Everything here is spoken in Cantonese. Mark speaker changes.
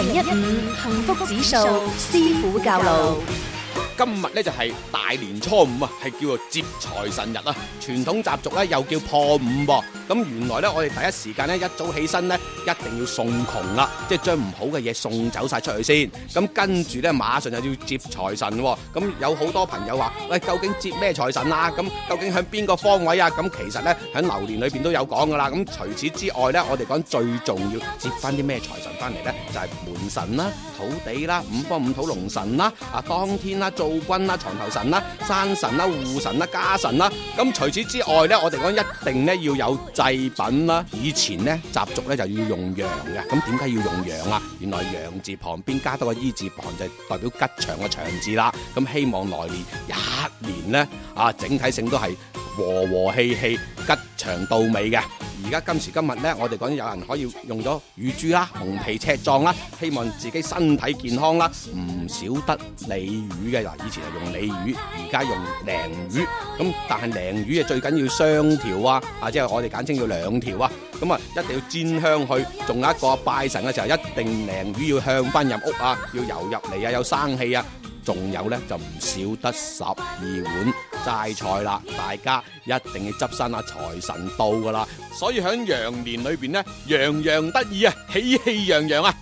Speaker 1: 二零一五幸福指數，指數師傅教路。
Speaker 2: 今日咧就係大年初五啊，係叫做接財神日啊，傳統習俗咧又叫破五噃。咁原來咧，我哋第一時間咧一早起身咧一定要送窮啦，即係將唔好嘅嘢送走晒出去先。咁跟住咧馬上就要接財神。咁有好多朋友話喂，究竟接咩財神啊？咁究竟喺邊個方位啊？咁其實咧喺流年裏邊都有講噶啦。咁除此之外咧，我哋講最重要接翻啲咩財神翻嚟咧，就係門神啦、土地啦、五方五土龍神啦、啊當天啦、做。道君啦、牀頭神啦、山神啦、護神啦、家神啦，咁除此之外呢，我哋講一定呢要有祭品啦。以前呢，習俗呢就要用羊嘅，咁點解要用羊啊？原來羊字旁邊加多個衣字旁就代表吉祥嘅祥字啦。咁希望來年一年呢，啊，整體性都係和和氣氣、吉祥到尾嘅。而家今時今日咧，我哋講有人可以用咗乳豬啦、紅皮赤壯啦，希望自己身體健康啦，唔少得鯉魚嘅嗱，以前係用鯉魚，而家用鯪魚咁，但係鯪魚啊最緊要雙條啊，啊即係我哋簡稱要兩條啊，咁啊一定要煎香佢，仲有一個拜神嘅時候，一定鯪魚要向翻入屋啊，要游入嚟啊，有生氣啊。仲有呢，就唔少得十二碗齋菜啦，大家一定要執身啊！財神到噶啦，所以喺
Speaker 1: 羊年裏邊呢，洋洋得意啊，喜氣洋洋啊！